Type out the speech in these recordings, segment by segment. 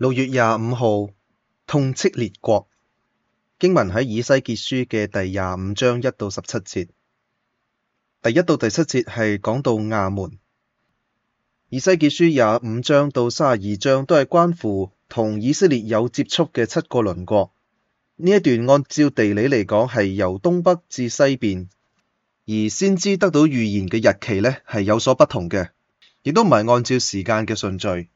六月廿五號，痛斥列國，經文喺以西結書嘅第廿五章一到十七節，第一到第七節係講到亞門。以西結書廿五章到三十二章都係關乎同以色列有接觸嘅七個鄰國。呢一段按照地理嚟講係由東北至西邊，而先知得到預言嘅日期呢係有所不同嘅，亦都唔係按照時間嘅順序。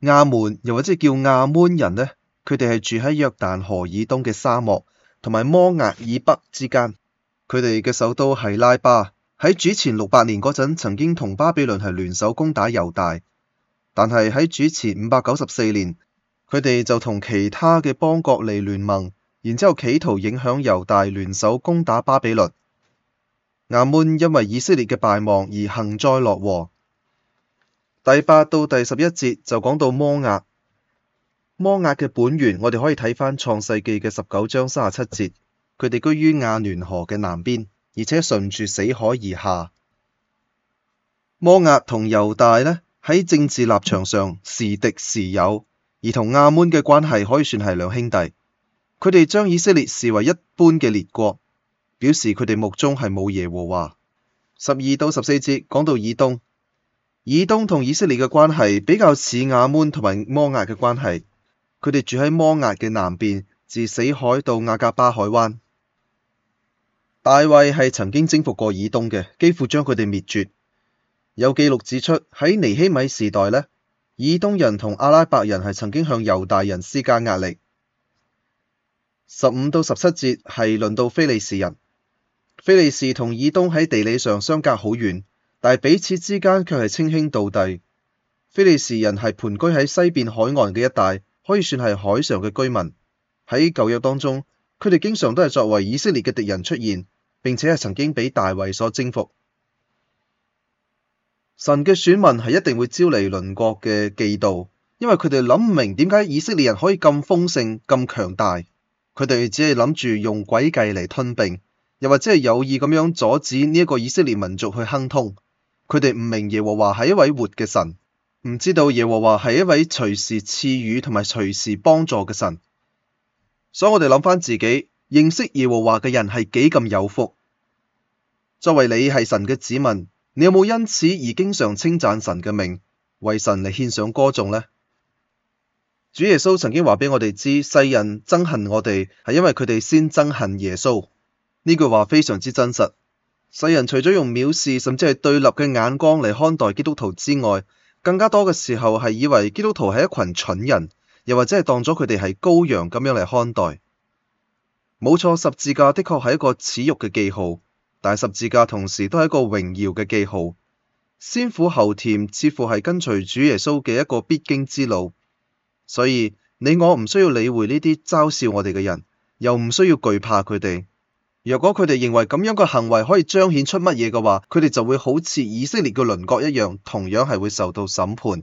亞門又或者叫亞門人呢，佢哋係住喺約旦河以東嘅沙漠同埋摩押以北之間。佢哋嘅首都係拉巴。喺主前六百年嗰陣，曾經同巴比倫係聯手攻打猶大。但係喺主前五百九十四年，佢哋就同其他嘅邦國嚟聯盟，然之後企圖影響猶大聯手攻打巴比倫。亞門因為以色列嘅敗亡而幸災樂禍。第八到第十一節就講到摩押。摩押嘅本源，我哋可以睇返《創世記》嘅十九章三十七節，佢哋居於亞嫩河嘅南邊，而且順住死海而下。摩押同猶大呢，喺政治立場上時敵時友，而同亞捫嘅關係可以算係兩兄弟。佢哋將以色列視為一般嘅列國，表示佢哋目中係冇耶和華。十二到十四節講到以東。以東同以色列嘅關係比較似亞捫同埋摩押嘅關係，佢哋住喺摩押嘅南邊，自死海到亞格巴海灣。大衛係曾經征服過以東嘅，幾乎將佢哋滅絕。有記錄指出喺尼希米時代呢，以東人同阿拉伯人係曾經向猶大人施加壓力。十五到十七節係輪到菲利士人，菲利士同以東喺地理上相隔好遠。但彼此之間卻係稱兄道弟。非利士人係盤踞喺西邊海岸嘅一帶，可以算係海上嘅居民。喺舊約當中，佢哋經常都係作為以色列嘅敵人出現，並且係曾經畀大衛所征服。神嘅選民係一定會招嚟鄰國嘅嫉妒，因為佢哋諗唔明點解以色列人可以咁豐盛、咁強大。佢哋只係諗住用詭計嚟吞併，又或者係有意咁樣阻止呢一個以色列民族去亨通。佢哋唔明耶和華係一位活嘅神，唔知道耶和華係一位隨時賜予同埋隨時幫助嘅神。所以我哋諗返自己，認識耶和華嘅人係幾咁有福。作為你係神嘅子民，你有冇因此而經常稱讚神嘅名，為神嚟獻上歌頌呢？主耶穌曾經話畀我哋知，世人憎恨我哋係因為佢哋先憎恨耶穌。呢句話非常之真實。世人除咗用藐視甚至係對立嘅眼光嚟看待基督徒之外，更加多嘅時候係以為基督徒係一群蠢人，又或者係當咗佢哋係羔羊咁樣嚟看待。冇錯，十字架的確係一個恥辱嘅記號，但十字架同時都係一個榮耀嘅記號。先苦後甜，似乎係跟隨主耶穌嘅一個必經之路。所以你我唔需要理會呢啲嘲笑我哋嘅人，又唔需要懼怕佢哋。若果佢哋認為咁樣嘅行為可以彰顯出乜嘢嘅話，佢哋就會好似以色列嘅鄰國一樣，同樣係會受到審判。